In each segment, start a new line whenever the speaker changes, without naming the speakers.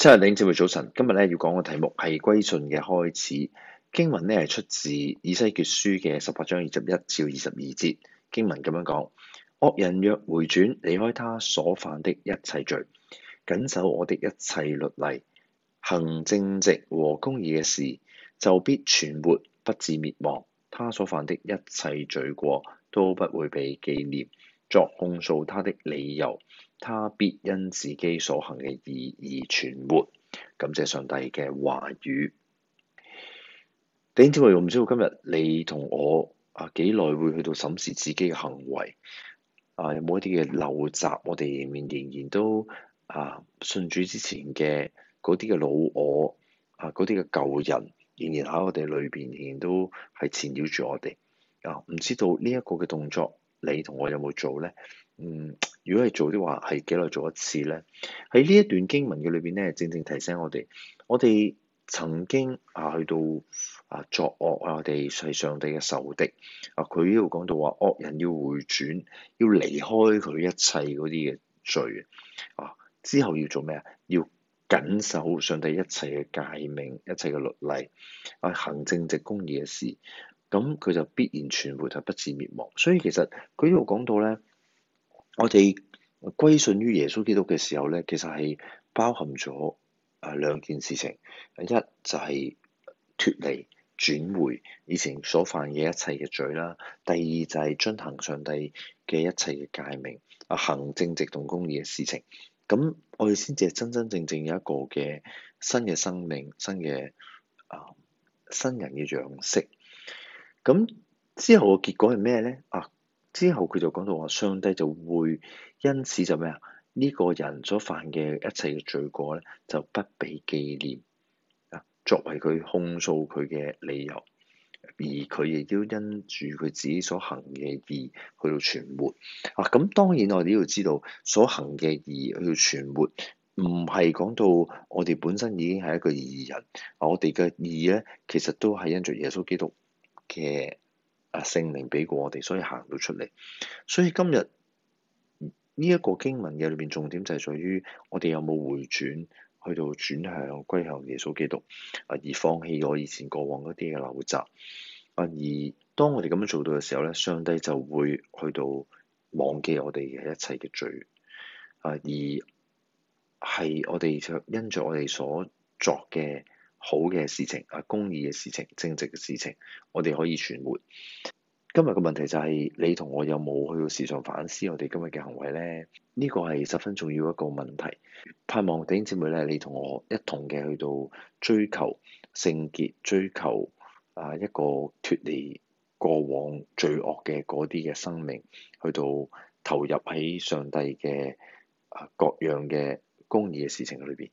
七日領教，各位早晨。今日咧要講嘅題目係歸信嘅開始。經文呢係出自以西結書嘅十八章二十一至二十二節。經文咁樣講：惡人若回轉，離開他所犯的一切罪，謹守我的一切律例，行正直和公義嘅事，就必存活，不致滅亡。他所犯的一切罪過都不會被記念。作控訴他的理由，他必因自己所行嘅義而存活。感謝上帝嘅話語。頂知我又唔知道今日你同我啊幾耐會去到審視自己嘅行為，啊有冇一啲嘅陋習？我哋面仍然都啊信主之前嘅嗰啲嘅老我啊嗰啲嘅舊人，仍然喺我哋裏邊仍然都係纏繞住我哋啊！唔知道呢一個嘅動作。你同我有冇做咧？嗯，如果係做啲話，係幾耐做一次咧？喺呢一段經文嘅裏邊咧，正正提醒我哋，我哋曾經啊去到啊作惡啊，我哋係上帝嘅仇敵啊。佢呢度講到話惡人要回轉，要離開佢一切嗰啲嘅罪啊。之後要做咩啊？要謹守上帝一切嘅誡命、一切嘅律例啊，行正直公義嘅事。咁佢就必然存活，就不致滅亡。所以其實佢呢度講到咧，我哋歸信於耶穌基督嘅時候咧，其實係包含咗啊兩件事情。一就係脫離轉回以前所犯嘅一切嘅罪啦，第二就係遵行上帝嘅一切嘅誡命啊，行正直同公義嘅事情。咁我哋先至係真真正正有一個嘅新嘅生命新，新嘅啊新人嘅樣式。咁之後個結果係咩咧？啊！之後佢就講到話，上帝就會因此就咩啊？呢個人所犯嘅一切嘅罪過咧，就不被紀念啊，作為佢控訴佢嘅理由。而佢亦都因住佢自己所行嘅義去到存活。啊！咁當然我哋要知道，所行嘅義去到存活，唔係講到我哋本身已經係一個義人。我哋嘅義咧，其實都係因住耶穌基督。嘅啊，聖靈俾過我哋，所以行到出嚟。所以今日呢一個經文嘅裏邊重點就係在於我有有，我哋有冇回轉去到轉向歸向耶穌基督啊，而放棄我以前過往嗰啲嘅陋習啊。而當我哋咁樣做到嘅時候咧，上帝就會去到忘記我哋嘅一切嘅罪啊，而係我哋因着我哋所作嘅好嘅事情、啊公義嘅事情、正直嘅事情，我哋可以傳播。今日嘅問題就係、是、你同我有冇去到時常反思我哋今日嘅行為呢？呢、這個係十分重要一個問題。盼望弟兄姐妹咧，你同我一同嘅去到追求聖潔，追求啊一個脱離過往罪惡嘅嗰啲嘅生命，去到投入喺上帝嘅各樣嘅公義嘅事情裏邊，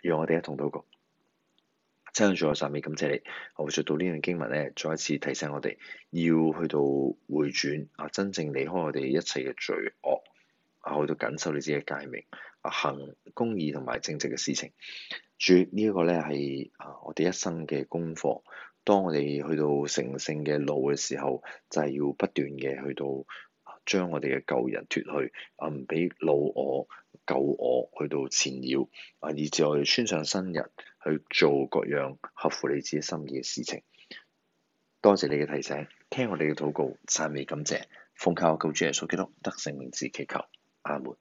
讓我哋一同到個。真係我曬嘅，感謝你。我會讀到呢樣經文咧，再一次提醒我哋要去到回轉啊，真正離開我哋一切嘅罪惡啊，去到緊守你自己嘅誡命，啊，行公義同埋正直嘅事情。主呢一個咧係啊，我哋一生嘅功課。當我哋去到成聖嘅路嘅時候，就係、是、要不斷嘅去到將我哋嘅舊人脱去，啊唔俾老我、舊我去到纏繞啊，以致我哋穿上新人。去做各樣合乎你自己心意嘅事情。多謝你嘅提醒，聽我哋嘅禱告，讚美感謝，奉靠救主耶穌基督得勝名字祈求，阿門。